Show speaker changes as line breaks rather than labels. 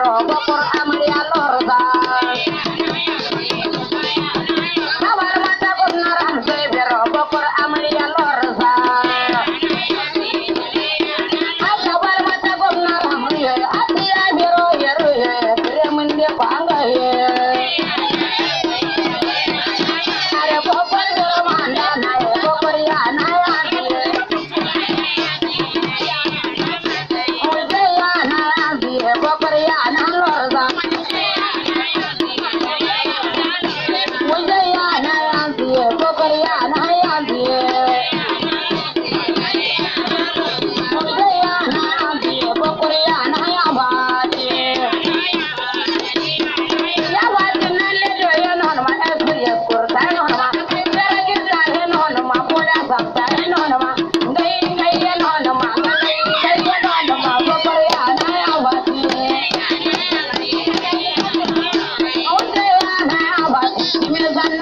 roba por Real